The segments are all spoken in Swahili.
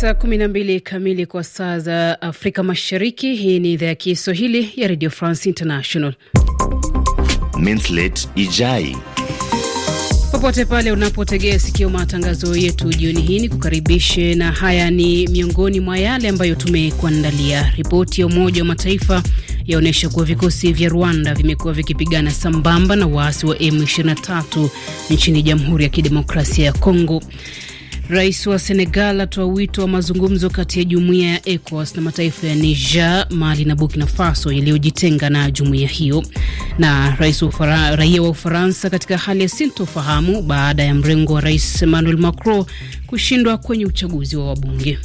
Saa mbili kamili kwa saa za Afrika Mashariki. Hii ni idhaa ya Kiswahili ya Radio France International. Ijai, popote pale unapotegea sikio matangazo yetu jioni hii, ni kukaribishe na haya ni miongoni mwa yale ambayo tumekuandalia. Ripoti ya Umoja wa Mataifa yaonyesha kuwa vikosi vya Rwanda vimekuwa vikipigana sambamba na waasi wa M23 nchini Jamhuri ya Kidemokrasia ya Kongo. Rais wa Senegal atoa wito wa mazungumzo kati ya jumuiya ya ECOWAS na mataifa ya Niger, Mali na Burkina Faso yaliyojitenga na jumuiya hiyo. Na rais ufara, raia wa Ufaransa katika hali ya sintofahamu baada ya mrengo wa rais Emmanuel Macron kushindwa kwenye uchaguzi wa wabunge.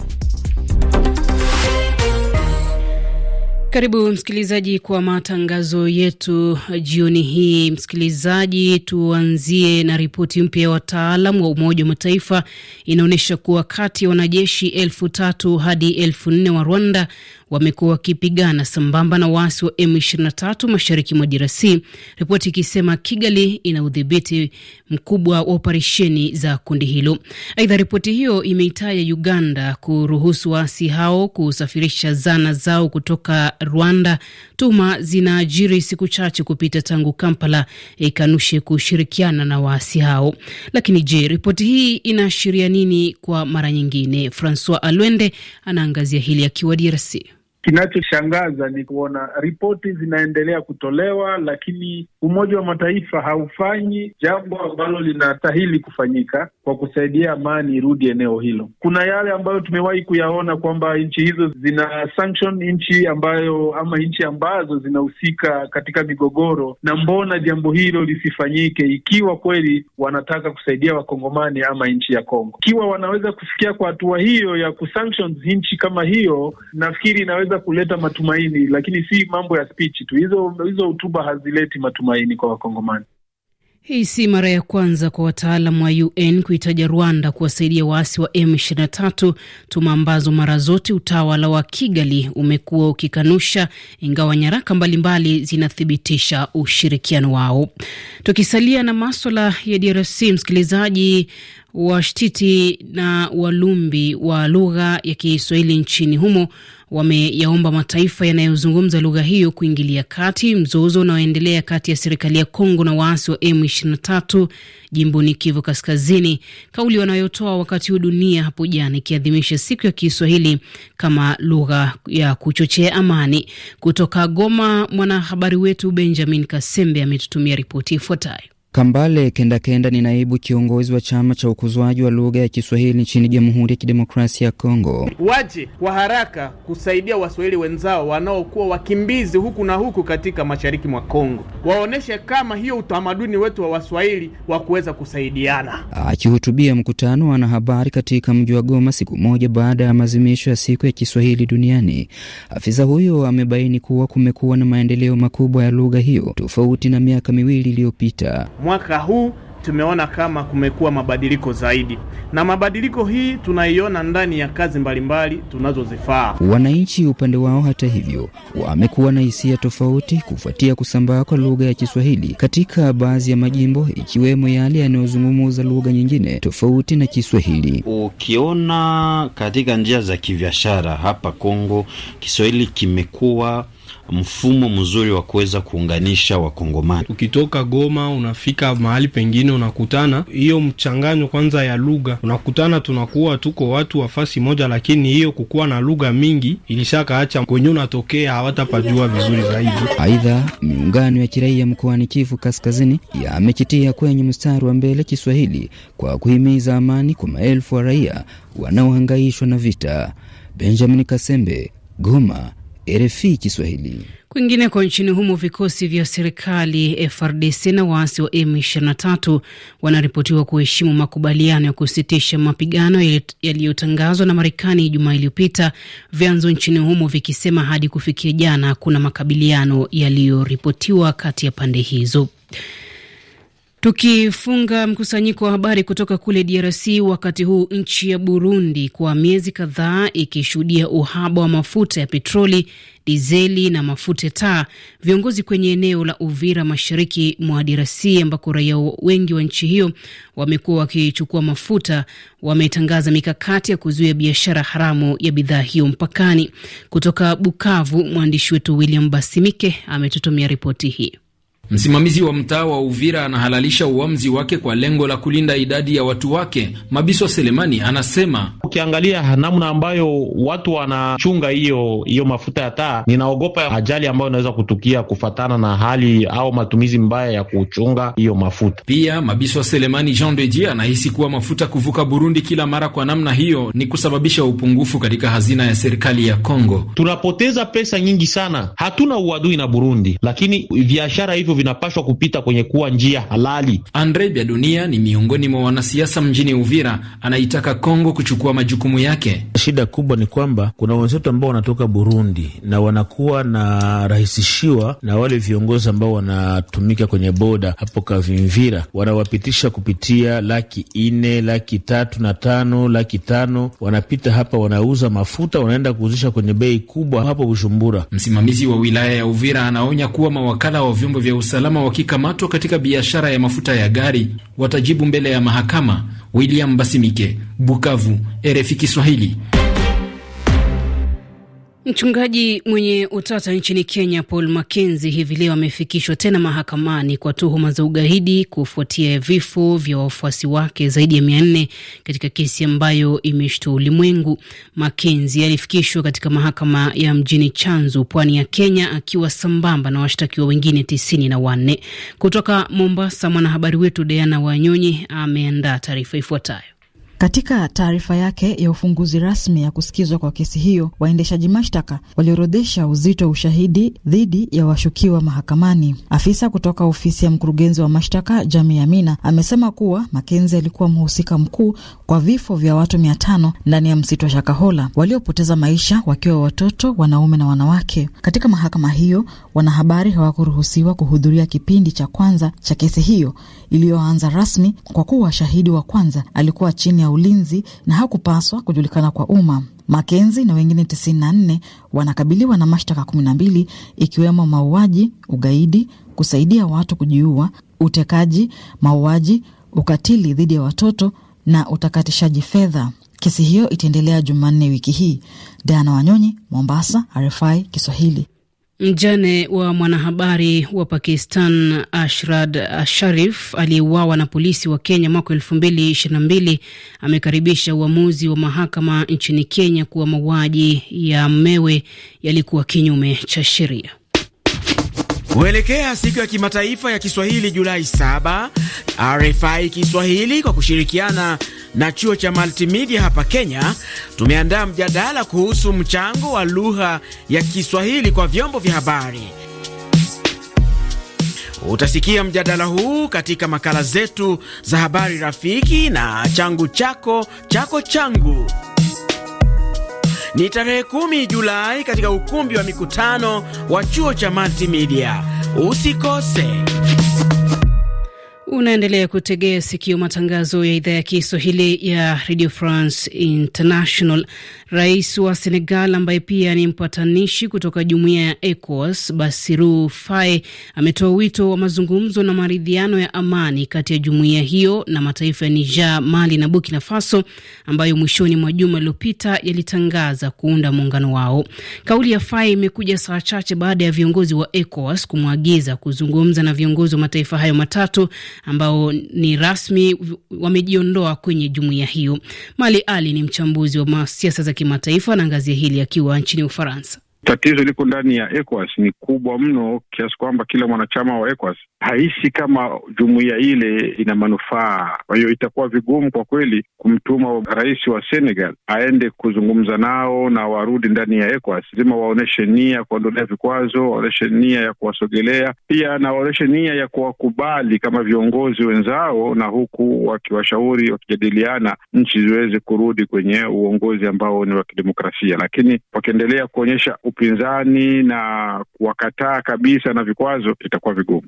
Karibu msikilizaji kwa matangazo yetu jioni hii. Msikilizaji, tuanzie na ripoti mpya ya wataalam wa Umoja wa Mataifa inaonyesha kuwa kati ya wanajeshi elfu tatu hadi elfu nne wa Rwanda wamekuwa wakipigana sambamba na waasi wa M23 mashariki mwa DRC, ripoti ikisema Kigali ina udhibiti mkubwa wa operesheni za kundi hilo. Aidha, ripoti hiyo imeitaja Uganda kuruhusu waasi hao kusafirisha zana zao kutoka Rwanda, tuma zinaajiri siku chache kupita tangu Kampala ikanushe kushirikiana na waasi hao. Lakini je, ripoti hii inaashiria nini? Kwa mara nyingine, Francois Alwende anaangazia hili akiwa DRC. Kinachoshangaza ni kuona ripoti zinaendelea kutolewa, lakini Umoja wa Mataifa haufanyi jambo ambalo linastahili kufanyika kwa kusaidia amani irudi eneo hilo. Kuna yale ambayo tumewahi kuyaona kwamba nchi hizo zina sanction nchi ambayo ama nchi ambazo zinahusika katika migogoro, na mbona jambo hilo lisifanyike ikiwa kweli wanataka kusaidia Wakongomani ama nchi ya Kongo? Ikiwa wanaweza kufikia kwa hatua hiyo ya ku nchi kama hiyo, nafikiri inaweza kuweza kuleta matumaini, lakini si mambo ya spichi tu. Hizo hizo hotuba hazileti matumaini kwa Wakongomani. Hii si mara ya kwanza kwa wataalam wa UN kuitaja Rwanda kuwasaidia waasi wa M23, tuma ambazo mara zote utawala wa Kigali umekuwa ukikanusha, ingawa nyaraka mbalimbali zinathibitisha ushirikiano wao. Tukisalia na maswala ya DRC, msikilizaji, washtiti na walumbi wa lugha ya Kiswahili nchini humo wameyaomba mataifa yanayozungumza lugha hiyo kuingilia kati mzozo unaoendelea kati ya serikali ya Kongo na waasi wa M23 jimboni Kivu Kaskazini, kauli wanayotoa wakati huu dunia hapo jana ikiadhimisha siku ya Kiswahili kama lugha ya kuchochea amani. Kutoka Goma, mwanahabari wetu Benjamin Kasembe ametutumia ripoti ifuatayo. Kambale Kendakenda ni naibu kiongozi wa chama cha ukuzwaji wa lugha ya Kiswahili nchini Jamhuri ya Kidemokrasia ya Kongo. Waje kwa haraka kusaidia Waswahili wenzao wanaokuwa wakimbizi huku na huku katika mashariki mwa Kongo, waoneshe kama hiyo utamaduni wetu wa Waswahili wa kuweza kusaidiana. Akihutubia mkutano wa wanahabari katika mji wa Goma siku moja baada ya maazimisho ya siku ya Kiswahili duniani, afisa huyo amebaini kuwa kumekuwa na maendeleo makubwa ya lugha hiyo tofauti na miaka miwili iliyopita mwaka huu tumeona kama kumekuwa mabadiliko zaidi, na mabadiliko hii tunaiona ndani ya kazi mbalimbali tunazozifaa. Wananchi upande wao, hata hivyo, wamekuwa na hisia tofauti kufuatia kusambaa kwa lugha ya Kiswahili katika baadhi ya majimbo, ikiwemo yale yanayozungumza lugha nyingine tofauti na Kiswahili. Ukiona katika njia za kibiashara hapa Kongo, Kiswahili kimekuwa mfumo mzuri wa kuweza kuunganisha Wakongomani. Ukitoka Goma unafika mahali pengine, unakutana hiyo mchanganyo kwanza ya lugha, unakutana tunakuwa tuko watu wa fasi moja, lakini hiyo kukuwa na lugha mingi ilishakaacha kwenye unatokea hawatapajua vizuri zaidi. Aidha, miungano ya kiraia mkoani Kivu Kaskazini yamekitia kwenye mstari wa mbele Kiswahili kwa kuhimiza amani kwa maelfu wa raia wanaohangaishwa na vita. Benjamin Kasembe, Goma. RFI Kiswahili. Kwingineko nchini humo, vikosi vya serikali FRDC na waasi wa M23 wanaripotiwa kuheshimu makubaliano ya kusitisha mapigano yaliyotangazwa na Marekani juma iliyopita, vyanzo nchini humo vikisema hadi kufikia jana kuna makabiliano yaliyoripotiwa kati ya pande hizo. Tukifunga mkusanyiko wa habari kutoka kule DRC, wakati huu nchi ya Burundi kwa miezi kadhaa ikishuhudia uhaba wa mafuta ya petroli, dizeli na mafuta taa, viongozi kwenye eneo la Uvira mashariki mwa DRC ambako raia wengi wa nchi hiyo wamekuwa wakichukua mafuta wametangaza mikakati ya kuzuia biashara haramu ya bidhaa hiyo mpakani. Kutoka Bukavu, mwandishi wetu William Basimike ametutumia ripoti hii. Msimamizi wa mtaa wa Uvira anahalalisha uamuzi wake kwa lengo la kulinda idadi ya watu wake. Mabiswa Selemani anasema, ukiangalia namna ambayo watu wanachunga hiyo hiyo mafuta ya taa, ninaogopa ajali ambayo inaweza kutukia kufatana na hali au matumizi mbaya ya kuchunga hiyo mafuta. Pia Mabiswa Selemani Jean Deji anahisi kuwa mafuta kuvuka Burundi kila mara kwa namna hiyo ni kusababisha upungufu katika hazina ya serikali ya Kongo. Tunapoteza pesa nyingi sana. Hatuna uadui na Burundi, lakini biashara hivyo vinapashwa kupita kwenye kuwa njia halali. Andre biadunia Dunia ni miongoni mwa wanasiasa mjini Uvira, anaitaka Kongo kuchukua majukumu yake. Shida kubwa ni kwamba kuna wenzetu ambao wanatoka Burundi na wanakuwa na rahisishiwa na wale viongozi ambao wanatumika kwenye boda hapo Kavimvira, wanawapitisha kupitia laki ine, laki tatu na tano, laki tano, wanapita hapa, wanauza mafuta, wanaenda kuuzisha kwenye bei kubwa hapo Bujumbura. Msimamizi wa wilaya ya Uvira anaonya kuwa mawakala wa vyombo vya usalama wakikamatwa katika biashara ya mafuta ya gari watajibu mbele ya mahakama. William Basimike, Bukavu, RFI Kiswahili. Mchungaji mwenye utata nchini Kenya Paul Makenzi hivi leo amefikishwa tena mahakamani kwa tuhuma za ugaidi kufuatia vifo vya wafuasi wake zaidi ya mia nne katika kesi ambayo imeshtua ulimwengu. Makenzi alifikishwa katika mahakama ya mjini Chanzu, pwani ya Kenya, akiwa sambamba na washtakiwa wengine tisini na wanne. Kutoka Mombasa, mwanahabari wetu Diana Wanyonyi ameandaa taarifa ifuatayo. Katika taarifa yake ya ufunguzi rasmi ya kusikizwa kwa kesi hiyo, waendeshaji mashtaka waliorodhesha uzito wa ushahidi dhidi ya washukiwa mahakamani. Afisa kutoka ofisi ya mkurugenzi wa mashtaka Jami Amina amesema kuwa Makenzi alikuwa mhusika mkuu kwa vifo vya watu mia tano ndani ya msitu wa Shakahola waliopoteza maisha wakiwa watoto, wanaume na wanawake. Katika mahakama hiyo, wanahabari hawakuruhusiwa kuhudhuria kipindi cha kwanza cha kesi hiyo iliyoanza rasmi kwa kuwa shahidi wa kwanza alikuwa chini ya ulinzi na hakupaswa kujulikana kwa umma. Makenzi na wengine 94 wanakabiliwa na mashtaka 12 ikiwemo mauaji, ugaidi, kusaidia watu kujiua, utekaji, mauaji, ukatili dhidi ya watoto na utakatishaji fedha. Kesi hiyo itaendelea Jumanne wiki hii. Diana Wanyonyi, Mombasa, RFI Kiswahili. Mjane wa mwanahabari wa Pakistan Ashrad Sharif aliyeuawa na polisi wa Kenya mwaka elfu mbili ishirini na mbili amekaribisha uamuzi wa mahakama nchini Kenya kuwa mauaji ya mmewe yalikuwa kinyume cha sheria. Kuelekea siku ya kimataifa ya Kiswahili Julai 7, RFI Kiswahili kwa kushirikiana na chuo cha Multimedia hapa Kenya tumeandaa mjadala kuhusu mchango wa lugha ya Kiswahili kwa vyombo vya habari. Utasikia mjadala huu katika makala zetu za habari rafiki na changu chako chako changu. Ni tarehe kumi Julai katika ukumbi wa mikutano wa chuo cha Multimedia. Usikose. Unaendelea kutegea sikio matangazo ya idhaa ya Kiswahili ya Radio France International. Rais wa Senegal ambaye pia ni mpatanishi kutoka jumuiya ya ECOWAS Bassirou Faye ametoa wito wa mazungumzo na maridhiano ya amani kati ya jumuiya hiyo na mataifa ya Niger, Mali na Burkina Faso ambayo mwishoni mwa juma lililopita yalitangaza kuunda muungano wao. Kauli ya Faye imekuja saa chache baada ya viongozi wa ECOWAS kumwagiza kuzungumza na viongozi wa mataifa hayo matatu ambao ni rasmi wamejiondoa kwenye jumuiya hiyo. Mali Ali ni mchambuzi wa siasa za kimataifa, na ngazi hili akiwa nchini Ufaransa tatizo liko ndani ya ECOWAS ni kubwa mno kiasi kwamba kila mwanachama wa ECOWAS haisi kama jumuiya ile ina manufaa. Kwa hiyo itakuwa vigumu kwa kweli kumtuma rais wa Senegal aende kuzungumza nao na warudi ndani ya ECOWAS. Lazima waonyeshe nia ya kuondolea vikwazo, waonyeshe nia ya kuwasogelea, pia na waonyeshe nia ya kuwakubali kama viongozi wenzao, na huku wakiwashauri, wakijadiliana, nchi ziweze kurudi kwenye uongozi ambao ni wa kidemokrasia, lakini wakiendelea kuonyesha upinzani na kuwakataa kabisa na vikwazo itakuwa vigumu.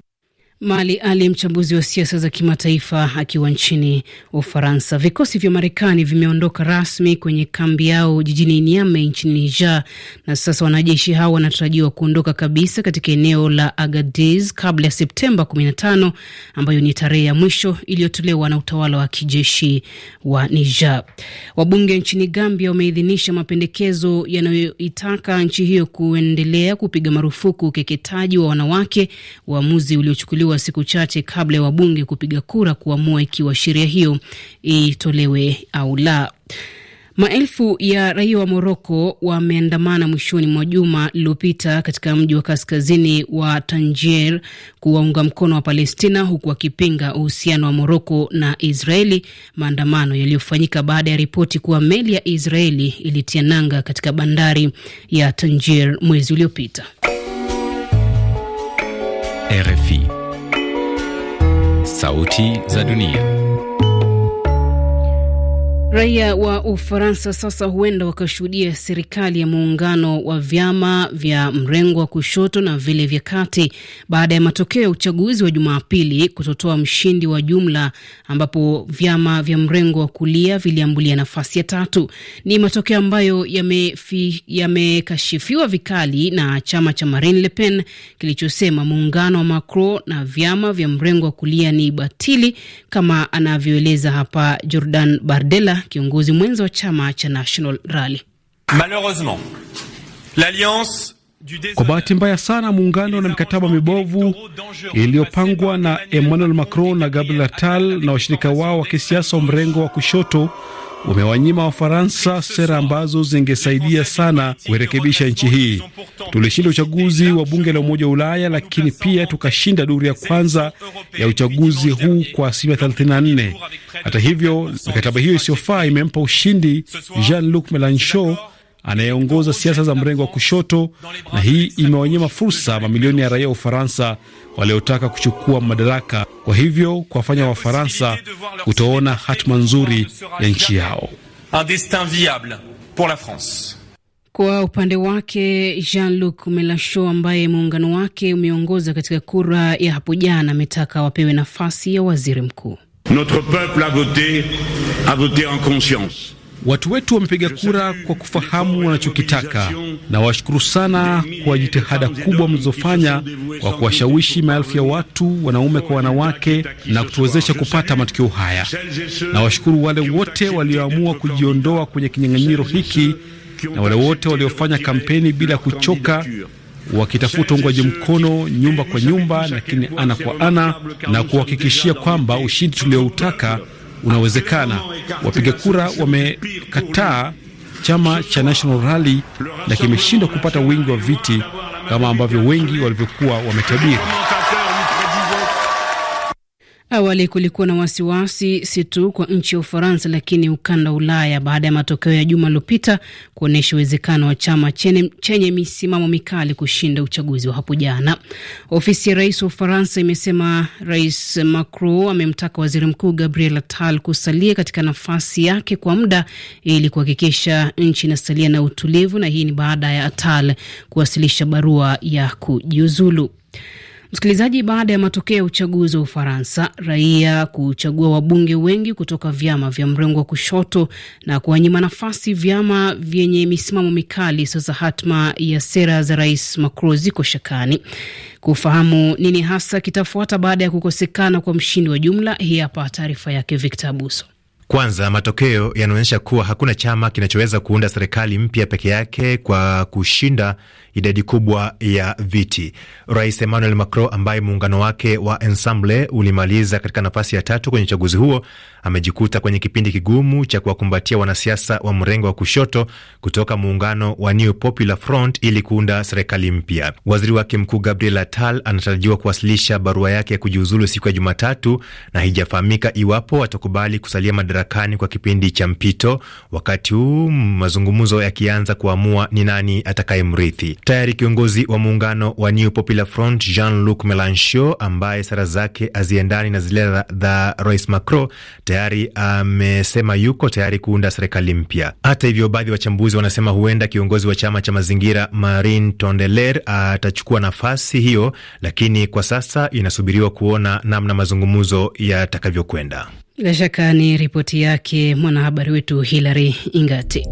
Mali Ali, mchambuzi wa siasa za kimataifa, akiwa nchini Ufaransa. Vikosi vya Marekani vimeondoka rasmi kwenye kambi yao jijini Niamey nchini Niger, na sasa wanajeshi hao wanatarajiwa kuondoka kabisa katika eneo la Agadez kabla ya Septemba 15 ambayo ni tarehe ya mwisho iliyotolewa na utawala wa kijeshi wa Niger. Wabunge nchini Gambia wameidhinisha mapendekezo yanayoitaka nchi hiyo kuendelea kupiga marufuku ukeketaji wa wanawake, uamuzi uliochukuliwa kufunguliwa siku chache kabla ya wabunge kupiga kura kuamua ikiwa sheria hiyo itolewe au la. Maelfu ya raia wa Moroko wameandamana mwishoni mwa juma lililopita katika mji wa kaskazini wa Tangier kuwaunga mkono wa Palestina, huku wakipinga uhusiano wa Moroko na Israeli, maandamano yaliyofanyika baada ya ripoti kuwa meli ya Israeli ilitia nanga katika bandari ya Tangier mwezi uliopita. RFI Sauti za Dunia. Raia wa Ufaransa sasa huenda wakashuhudia serikali ya muungano wa vyama vya mrengo wa kushoto na vile vya kati baada ya matokeo ya uchaguzi wa Jumapili kutotoa mshindi wa jumla, ambapo vyama vya mrengo wa kulia viliambulia nafasi ya tatu. Ni matokeo ambayo yamekashifiwa yame vikali na chama cha Marine Le Pen kilichosema muungano wa Macron na vyama vya mrengo wa kulia ni batili, kama anavyoeleza hapa Jordan Bardella kiongozi mwenzi wa chama cha National Rally. Kwa bahati mbaya sana, muungano na mikataba mibovu iliyopangwa na Emmanuel Macron na Gabriel Attal na washirika wao wa kisiasa wa mrengo wa kushoto umewanyima Wafaransa sera ambazo zingesaidia sana kuirekebisha nchi hii. Tulishinda uchaguzi wa bunge la Umoja wa Ulaya, lakini pia tukashinda duru ya kwanza ya uchaguzi huu kwa asilimia 34. Hata hivyo, mikataba hiyo isiyofaa imempa ushindi Jean-Luc Melenchon anayeongoza siasa za mrengo wa kushoto, na hii imewanyima fursa mamilioni ya raia wa Ufaransa waliotaka kuchukua madaraka, kwa hivyo kuwafanya Wafaransa kutoona hatima nzuri ya nchi yao. Kwa upande wake Jean-Luc Melenchon ambaye muungano wake umeongoza katika kura ya hapo jana ametaka wapewe nafasi ya waziri mkuu. Notre peuple a a en conscience. Watu wetu wamepiga kura kwa kufahamu wanachokitaka, na washukuru sana kwa jitihada kubwa mlizofanya kwa kuwashawishi maelfu ya watu, wanaume kwa wanawake, na kutuwezesha kupata matukio haya. Na washukuru wale wote walioamua kujiondoa kwenye kinyang'anyiro hiki na wale wote waliofanya kampeni bila kuchoka wakitafuta ungwaji mkono nyumba kwa nyumba, lakini ana kwa ana, na kuhakikishia kwamba ushindi tulioutaka unawezekana. Wapiga kura wamekataa chama cha National Rally na kimeshindwa kupata wingi wa viti kama ambavyo wengi walivyokuwa wametabiri. Awali kulikuwa na wasiwasi si tu kwa nchi ya Ufaransa lakini ukanda wa Ulaya baada ya matokeo ya juma lilopita kuonyesha uwezekano wa chama chene, chenye misimamo mikali kushinda uchaguzi wa hapo jana. Ofisi ya rais wa Ufaransa imesema Rais Macron amemtaka waziri mkuu Gabriel Attal kusalia katika nafasi yake kwa muda ili kuhakikisha nchi inasalia na utulivu, na hii ni baada ya Attal kuwasilisha barua ya kujiuzulu. Msikilizaji, baada ya matokeo ya uchaguzi wa Ufaransa, raia kuchagua wabunge wengi kutoka vyama vya mrengo wa kushoto na kuwanyima nafasi vyama vyenye misimamo mikali, sasa hatma ya sera za Rais Macron ziko shakani. Kufahamu nini hasa kitafuata baada ya kukosekana kwa mshindi wa jumla, hii hapa taarifa yake Victor Abuso. Kwanza, matokeo yanaonyesha kuwa hakuna chama kinachoweza kuunda serikali mpya peke yake kwa kushinda idadi kubwa ya viti. Rais Emmanuel Macron ambaye muungano wake wa Ensemble ulimaliza katika nafasi ya tatu kwenye uchaguzi huo amejikuta kwenye kipindi kigumu cha kuwakumbatia wanasiasa wa mrengo wa kushoto kutoka muungano wa New Popular Front ili kuunda serikali mpya. Waziri wake mkuu Gabriel Attal anatarajiwa kuwasilisha barua yake ya kujiuzulu siku ya Jumatatu na haijafahamika iwapo atakubali kusalia madarakani kwa kipindi cha mpito, wakati huu mazungumzo yakianza kuamua ni nani atakayemrithi. Tayari kiongozi wa muungano wa New Popular Front Jean-Luc Melenchon, ambaye sara zake haziendani na zile za Rais Macron, tayari amesema yuko tayari kuunda serikali mpya. Hata hivyo, baadhi ya wachambuzi wanasema huenda kiongozi wa chama cha mazingira Marine Tondelier atachukua nafasi hiyo, lakini kwa sasa inasubiriwa kuona namna mazungumzo yatakavyokwenda. Bila shaka ni ripoti yake mwanahabari wetu Hilary Ingati.